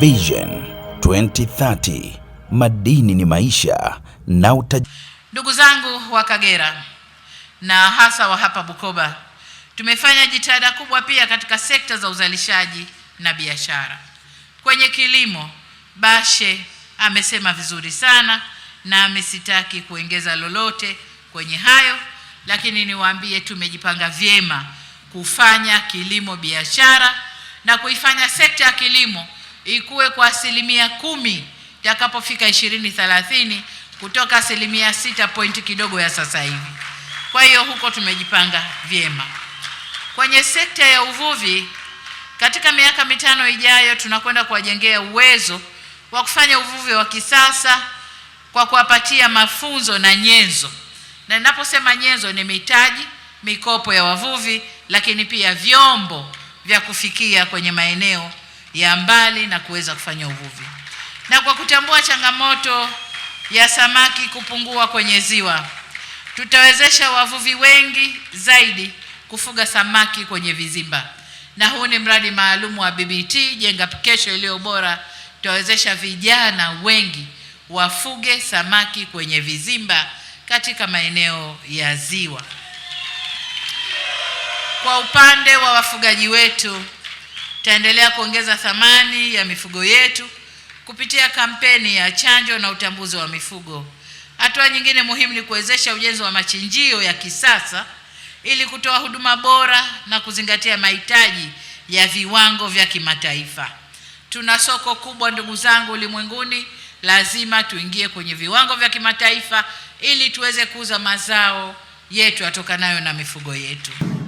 Vision 2030 madini ni maisha na utaj... Ndugu zangu wa Kagera na hasa wa hapa Bukoba, tumefanya jitihada kubwa pia katika sekta za uzalishaji na biashara. Kwenye kilimo, Bashe amesema vizuri sana na amesitaki kuongeza lolote kwenye hayo, lakini niwaambie tumejipanga vyema kufanya kilimo biashara na kuifanya sekta ya kilimo ikuwe kwa asilimia kumi itakapofika ishirini thelathini kutoka asilimia sita pointi kidogo ya sasa hivi. Kwa hiyo huko tumejipanga vyema. Kwenye sekta ya uvuvi, katika miaka mitano ijayo tunakwenda kuwajengea uwezo wa kufanya uvuvi wa kisasa kwa kuwapatia mafunzo na nyenzo, na ninaposema nyenzo ni mitaji, mikopo ya wavuvi, lakini pia vyombo vya kufikia kwenye maeneo ya mbali na kuweza kufanya uvuvi. Na kwa kutambua changamoto ya samaki kupungua kwenye ziwa, tutawezesha wavuvi wengi zaidi kufuga samaki kwenye vizimba, na huu ni mradi maalum wa BBT Jenga Kesho Iliyo Bora. Tutawezesha vijana wengi wafuge samaki kwenye vizimba katika maeneo ya ziwa. Kwa upande wa wafugaji wetu Tutaendelea kuongeza thamani ya mifugo yetu kupitia kampeni ya chanjo na utambuzi wa mifugo. Hatua nyingine muhimu ni kuwezesha ujenzi wa machinjio ya kisasa ili kutoa huduma bora na kuzingatia mahitaji ya viwango vya kimataifa. Tuna soko kubwa ndugu zangu ulimwenguni, lazima tuingie kwenye viwango vya kimataifa ili tuweze kuuza mazao yetu yatokanayo na mifugo yetu.